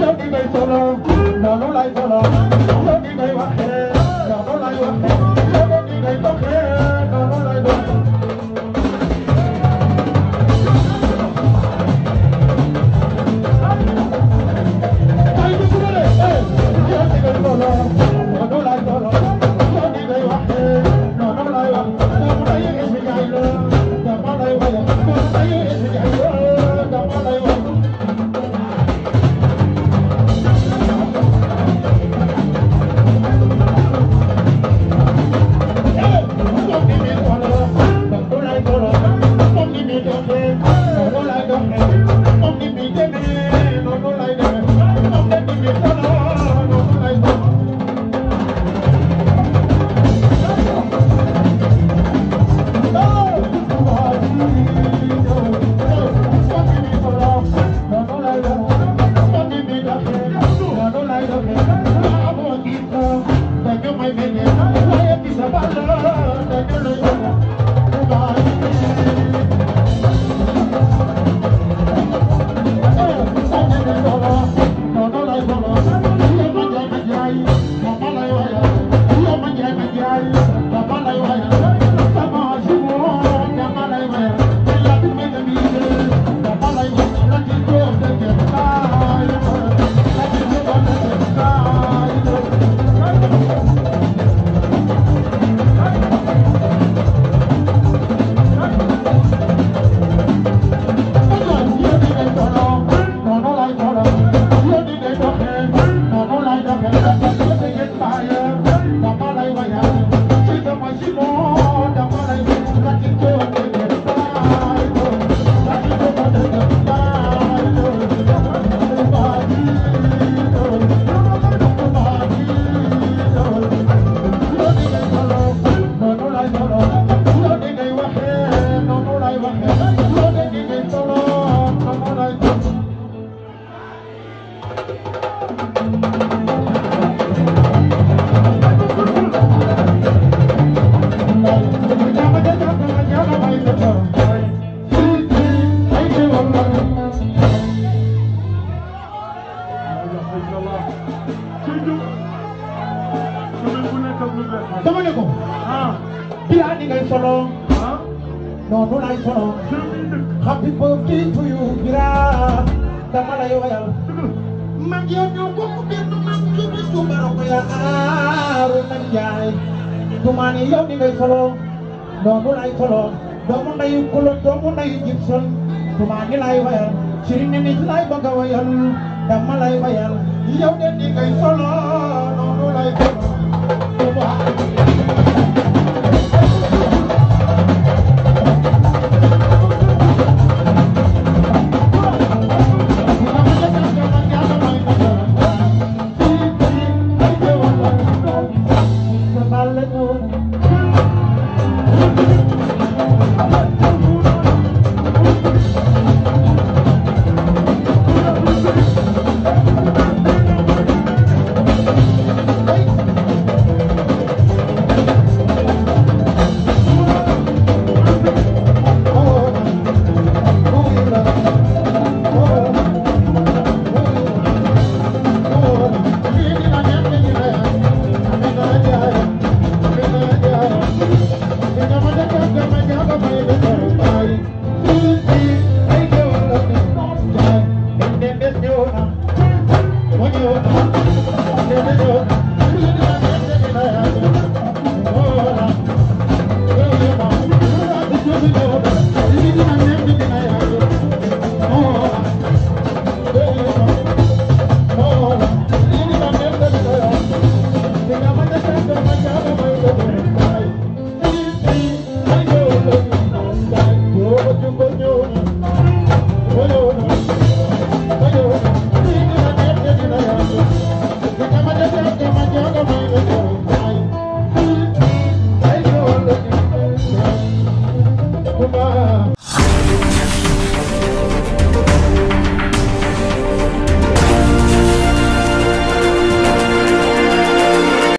yow di ngay solo noonu lay solo Thank you. dama ne ko. Ah. solo. non lay solo. happy birthday to you bilaa dama lay woyal. mag yow ñoo bokk benn mag yu bi su barako ya aaru nag ni yow solo. non lay solo. doomu ndeyu kulo doomu ndeyu Gibson. duma lay woyal. siri lay bëgg a dama lay woyal. yow ni ngay solo. Thank you.